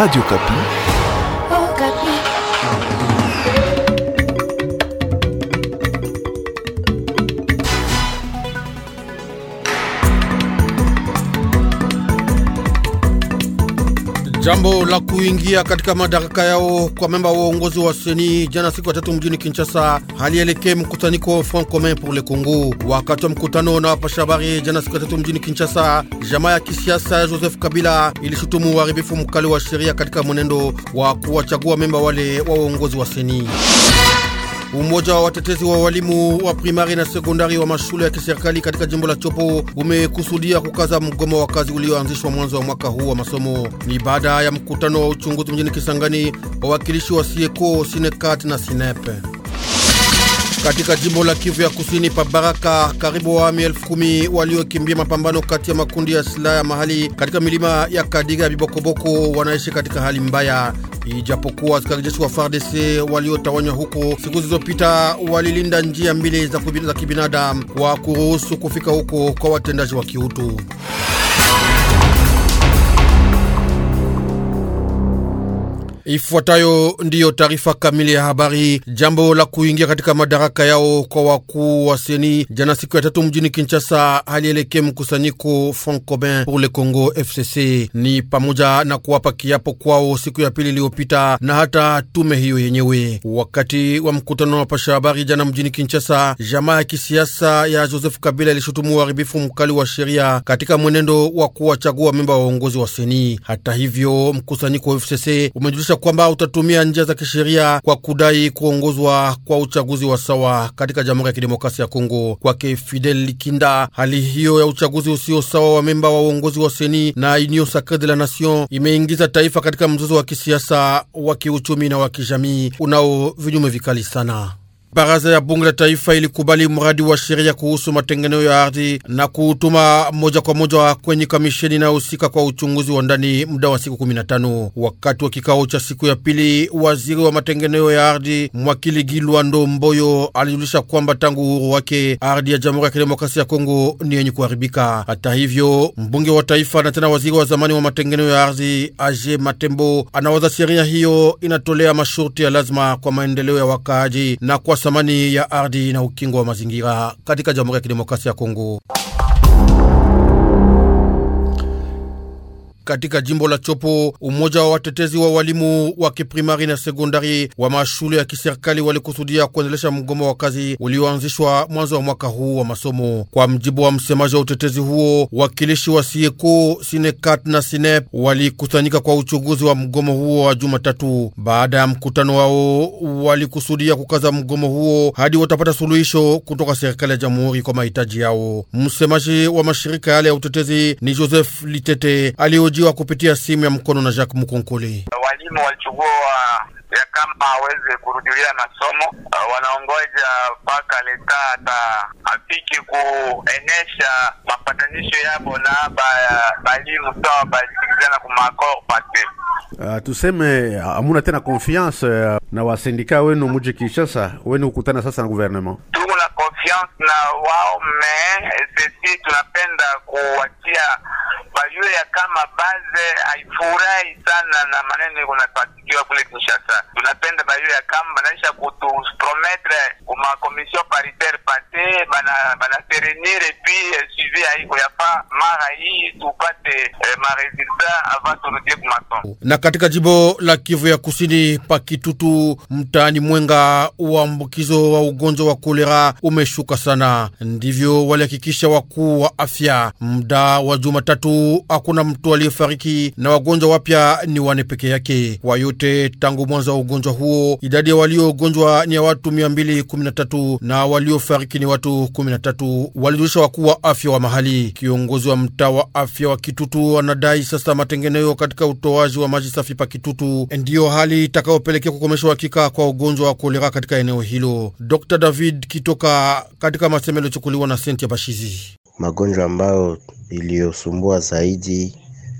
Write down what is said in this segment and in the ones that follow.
Radio Capi Jambo la kuingia katika madaraka yao kwa memba wa uongozi wa seni jana siku ya tatu mjini Kinshasa halielekee mkusanyiko Front Commun pour le Congo. Wakati wa mkutano na wapasha habari jana siku ya tatu mjini Kinshasa, jamaa ya kisiasa ya Joseph Kabila ilishutumu uharibifu mkali wa sheria katika mwenendo wa kuwachagua memba wale wa uongozi wa seni. Umoja wa watetezi wa walimu wa primari na sekondari wa mashule ya kiserikali katika jimbo la Chopo umekusudia kukaza mgomo wa kazi ulioanzishwa mwanzo wa mwaka huu wa masomo. Ni baada ya mkutano wa uchunguzi mjini Kisangani, wawakilishi wa Sieko, Sinekat na Sinepe. Katika jimbo la Kivu ya kusini pa Baraka, karibu waami elfu kumi waliokimbia mapambano kati ya makundi ya silaha ya mahali katika milima ya Kadiga ya Bibokoboko wanaishi katika hali mbaya, ijapokuwa askari jeshi wa FARDC waliotawanywa huko siku zilizopita walilinda njia mbili za kibinadamu kwa kuruhusu kufika huko kwa watendaji wa kiutu. Ifuatayo ndiyo taarifa kamili ya habari. Jambo la kuingia katika madaraka yao kwa wakuu wa seni jana siku ya tatu mjini Kinshasa halielekee mkusanyiko Francobin pour le Congo FCC, ni pamoja na kuwapa kiapo kwao siku ya pili iliyopita na hata tume hiyo yenyewe. Wakati wa mkutano wa pasha habari jana mjini Kinshasa, jamaa ya kisiasa ya Joseph Kabila ilishutumu uharibifu mkali wa sheria katika mwenendo wa kuwachagua memba wa uongozi wa seni. Hata hivyo mkusanyiko wa FCC umejulisha kuhakikisha kwamba utatumia njia za kisheria kwa kudai kuongozwa kwa uchaguzi wa sawa katika Jamhuri ya Kidemokrasia ya Kongo. Kwake Fidel likinda hali hiyo ya uchaguzi usio sawa wa memba wa uongozi wa seni na Union Sacre de la Nation imeingiza taifa katika mzozo wa kisiasa, wa kiuchumi na wa kijamii unao vinyume vikali sana. Baraza ya bunge la taifa ilikubali mradi wa sheria kuhusu matengenezo ya ardhi na kuutuma moja kwa moja kwenye kamisheni inayohusika kwa uchunguzi wa ndani muda wa siku 15. Wakati wa kikao cha siku ya pili, waziri wa matengenezo ya ardhi mwakili Gilwando Mboyo alijulisha kwamba tangu uhuru wake ardhi ya Jamhuri ya Kidemokrasia ya Kongo ni yenye kuharibika. Hata hivyo, mbunge wa taifa na tena waziri wa zamani wa matengenezo ya ardhi Aje Matembo anawaza sheria hiyo inatolea masharti ya lazima kwa maendeleo ya wakaaji na kwa thamani ya ardhi na ukingo wa mazingira katika Jamhuri ya Kidemokrasia ya Kongo. Katika jimbo la Chopo, umoja wa watetezi wa walimu wa kiprimari na sekondari wa mashule ya kiserikali walikusudia kuendelesha mgomo wa kazi ulioanzishwa mwanzo wa mwaka huu wa masomo. Kwa mjibu wa msemaji wa utetezi huo, wakilishi wa sieko sinekat na sinep walikusanyika kwa uchunguzi wa mgomo huo wa Jumatatu. Baada ya mkutano wao, walikusudia kukaza mgomo huo hadi watapata suluhisho kutoka serikali ya jamhuri kwa mahitaji yao. Msemaji wa mashirika yale ya utetezi ni Joseph Litete alioji walihojiwa kupitia simu ya mkono na Jacques Mukonkole. Walimu walichukua ya kama aweze kurudilia masomo, uh, wanaongoja mpaka leta afiki kuenesha mapatanisho yabo na balimu sawa balisikizana kumakor pate. Uh, tuseme ah, hamuna tena confiance uh, na wasindika wenu muji Kinshasa, wenu kukutana sasa na gouvernement na wao mme sisi tunapenda kuwatia bajue ya kama baze haifurahi sana na maneno kunapatikiwa kule Kinshasa. Tunapenda bajue ya kama banaisha kutuprometre kuma commission paritaire pate bana banaserenir epi eh, suivi haiko yafaa mara hii tupate eh, maresulta avant turudie kumasomo. Na katika jimbo la Kivu ya kusini pa Kitutu, mtaani Mwenga, uambukizo wa ugonjwa wa kolera umeshuka kuanguka sana. Ndivyo walihakikisha wakuu wa afya. Muda wa Jumatatu hakuna mtu aliyefariki na wagonjwa wapya ni wane peke yake. Kwa yote tangu mwanzo wa ugonjwa huo, idadi ya waliogonjwa ni ya watu 213 na waliofariki ni watu 13, walijulisha wakuu wa afya wa mahali. Kiongozi wa mtaa wa afya wa Kitutu anadai sasa matengenezo katika utoaji wa maji safi pa Kitutu ndiyo hali itakayopelekea kukomesha uhakika kwa ugonjwa wa kolera katika eneo hilo. Dr David Kitoka katika masemo yaliyochukuliwa na senti ya Bashizi. Magonjwa ambayo iliyosumbua zaidi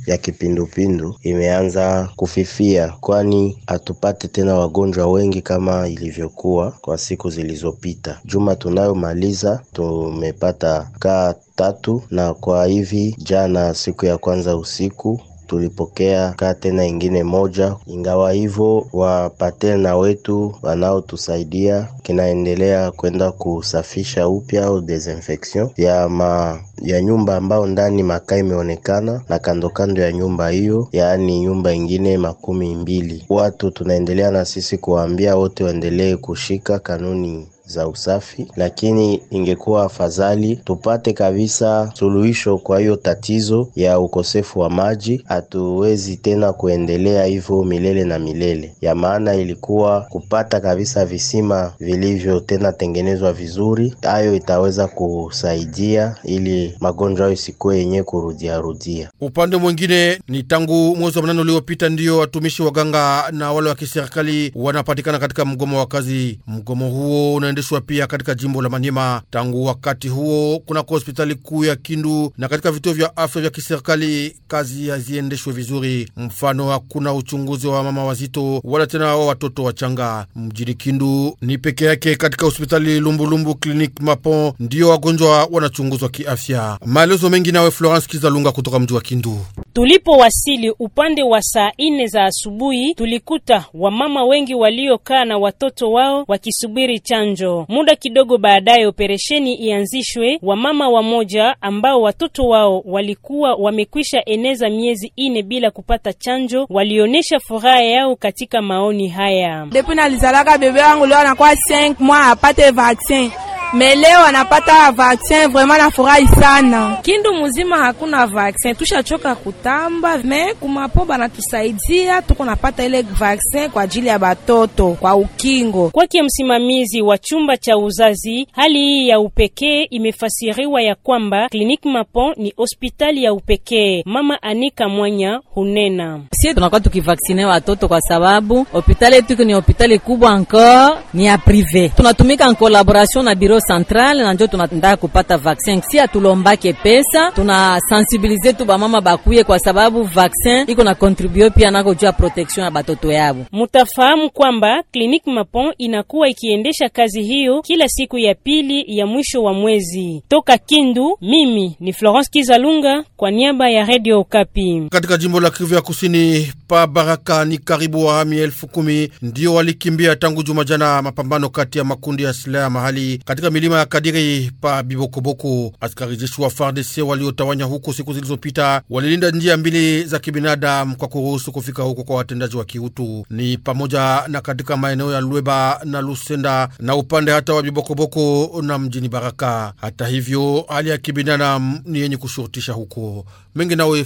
ya kipindupindu imeanza kufifia, kwani hatupate tena wagonjwa wengi kama ilivyokuwa kwa siku zilizopita. Juma tunayomaliza tumepata kaa tatu, na kwa hivi jana siku ya kwanza usiku tulipokea kaa tena ingine moja. Ingawa hivyo, wapatena wetu wanaotusaidia kinaendelea kwenda kusafisha upya au desinfection ya ma, ya nyumba ambao ndani makaa imeonekana na kandokando ya nyumba hiyo, yaani nyumba ingine makumi mbili. Watu tunaendelea na sisi kuwaambia wote waendelee kushika kanuni za usafi, lakini ingekuwa afadhali tupate kabisa suluhisho kwa hiyo tatizo ya ukosefu wa maji. Hatuwezi tena kuendelea hivyo milele na milele, ya maana ilikuwa kupata kabisa visima vilivyo tena tengenezwa vizuri. Hayo itaweza kusaidia ili magonjwa hayo isikuwe yenye kurudiarudia. Upande mwingine ni tangu mwezi wa mnane uliopita ndiyo watumishi waganga na wale wa kiserikali wanapatikana katika mgomo wa kazi. Mgomo huo unaendelea kuendeshwa pia katika jimbo la Manyema. Tangu wakati huo kunako hospitali kuu ya Kindu na katika vituo vya afya vya kiserikali kazi haziendeshwe vizuri. Mfano, hakuna uchunguzi wa mama wazito wala tena wa watoto wachanga. Mjini Kindu ni peke yake katika hospitali Lumbulumbu Clinic Mapon ndiyo wagonjwa wanachunguzwa kiafya. Maelezo mengi nawe Florence Kizalunga kutoka mji wa Kindu. Tulipowasili upande wa saa ine za asubuhi, tulikuta wamama wengi waliokaa na watoto wao wakisubiri chanjo. Muda kidogo baadaye operesheni ianzishwe. Wamama wamoja ambao watoto wao walikuwa wamekwisha eneza miezi ine bila kupata chanjo walionyesha furaha yao katika maoni haya. Depuis nalizalaka bebe wangu leo anakuwa 5 mois apate vaccin leo anapata vaksin vraiment nafurahi sana. Kindu muzima hakuna vaksin, tushachoka kutamba me kumapo banatusaidia, tuko napata ile vaksin kwa ajili ya batoto kwa ukingo. Kwake msimamizi wa chumba cha uzazi, hali hii ya upekee imefasiriwa ya kwamba Clinique mapo ni hospitali ya upekee. Mama Anika Mwanya hunena, sie tunakuwa tukivaksine watoto kwa sababu hospitali yetu ni hospitali kubwa encore, ni ya prive, tunatumika en collaboration na biro Kongo Central na njo tunataka kupata vaksin, si atulombake pesa, tunasensibilize tu bamama bakuye, kwa sababu vaksin iko na kontribue pia nako juu ya protection ya batoto yabo. Mutafahamu kwamba Clinique Mapon inakuwa ikiendesha kazi hiyo kila siku ya pili ya mwisho wa mwezi. Toka Kindu, mimi ni Florence Kizalunga kwa niaba ya Radio Okapi. Katika jimbo la Kivu ya Kusini pa Baraka ni karibu wahami elfu kumi ndio walikimbia tangu juma jana mapambano kati ya makundi ya silaha mahali katika milima ya Kadiri pa Bibokoboko. Askari jeshi wa FARDC waliotawanya huko siku zilizopita walilinda njia mbili za kibinadamu kwa kuruhusu kufika huko kwa watendaji wa kiutu, ni pamoja na katika maeneo ya Lweba na Lusenda na upande hata wa Bibokoboko na mjini Baraka. Hata hivyo, hali ya kibinadamu ni yenye kushurutisha huko mengi nawe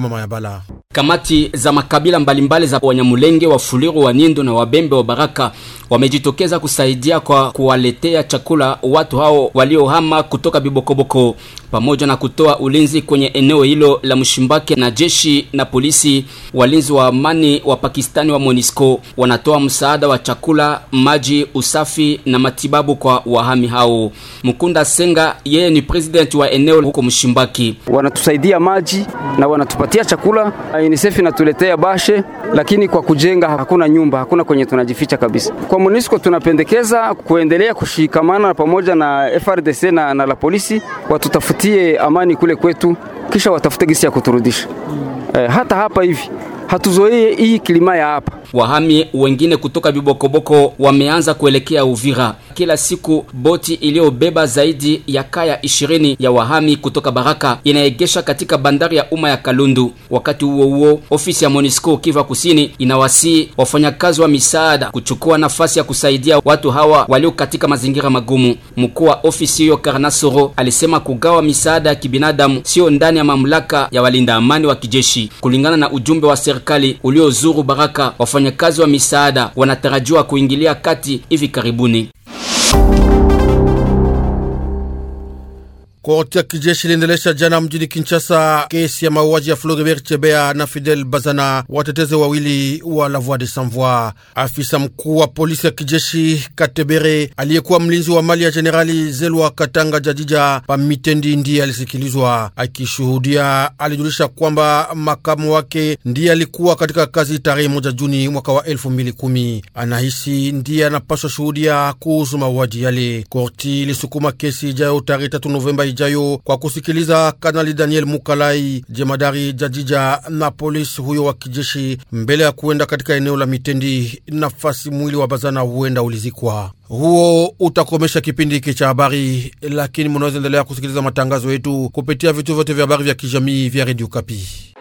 mama ya bala. Kamati za makabila mbalimbali za Wanyamulenge, Wafuliru, Wanindo na Wabembe wa Baraka wamejitokeza kusaidia kwa kuwaletea chakula watu hao waliohama kutoka Bibokoboko, pamoja na kutoa ulinzi kwenye eneo hilo la Mshimbake. Na jeshi na polisi, walinzi wa amani wa Pakistani wa MONUSCO wanatoa msaada wa chakula, maji, usafi na matibabu kwa wahami hao. Mkunda Senga, yeye ni president wa eneo huko Mshimbaki. wanatusaidia maji maji na wanatupatia chakula. Ah, UNICEF inatuletea bashe, lakini kwa kujenga hakuna nyumba, hakuna kwenye tunajificha kabisa. Kwa MONUSCO tunapendekeza kuendelea kushikamana pamoja na FRDC na, na la polisi watutafutie amani kule kwetu, kisha watafute gisi ya kuturudisha. E, hata hapa hivi hatuzoee hii kilima ya hapa Wahami wengine kutoka Bibokoboko wameanza kuelekea Uvira. Kila siku boti iliyobeba zaidi ya kaya ishirini ya wahami kutoka Baraka inaegesha katika bandari ya umma ya Kalundu. Wakati huo huo, ofisi ya Monisco Kiva Kusini inawasii wafanyakazi wa misaada kuchukua nafasi ya kusaidia watu hawa walio katika mazingira magumu. Mkuu wa ofisi hiyo Karnasoro alisema kugawa misaada ya kibinadamu sio ndani ya mamlaka ya walinda amani wa kijeshi. Kulingana na ujumbe wa serikali uliozuru Baraka, wafanyakazi wa misaada wanatarajiwa kuingilia kati hivi karibuni. Korti ya kijeshi iliendelesha jana mjini Kinshasa kesi ya mauaji ya Floribert Chebea na Fidel Bazana, watetezi wawili wa La Voix des Sans Voix. Afisa mkuu wa polisi ya kijeshi Katebere, aliyekuwa mlinzi wa mali ya Jenerali Zelwa Katanga Jajija Pamitendi, ndiye alisikilizwa. Akishuhudia alijulisha kwamba makamu wake ndiye alikuwa katika kazi tarehe moja Juni mwaka wa elfu mbili kumi. Anahisi ndiye anapaswa shuhudia kuhusu mauaji yale. Korti ilisukuma kesi ijayo tarehe tatu Novemba ijayo kwa kusikiliza Kanali Daniel Mukalai, jemadari jajija na polisi huyo wa kijeshi, mbele ya kuenda katika eneo la Mitendi, nafasi mwili wa Bazana huenda ulizikwa. Huo utakomesha kipindi hiki cha habari, lakini munaweza endelea kusikiliza matangazo yetu kupitia vituo vyote vya habari vya kijamii vya redio Kapi.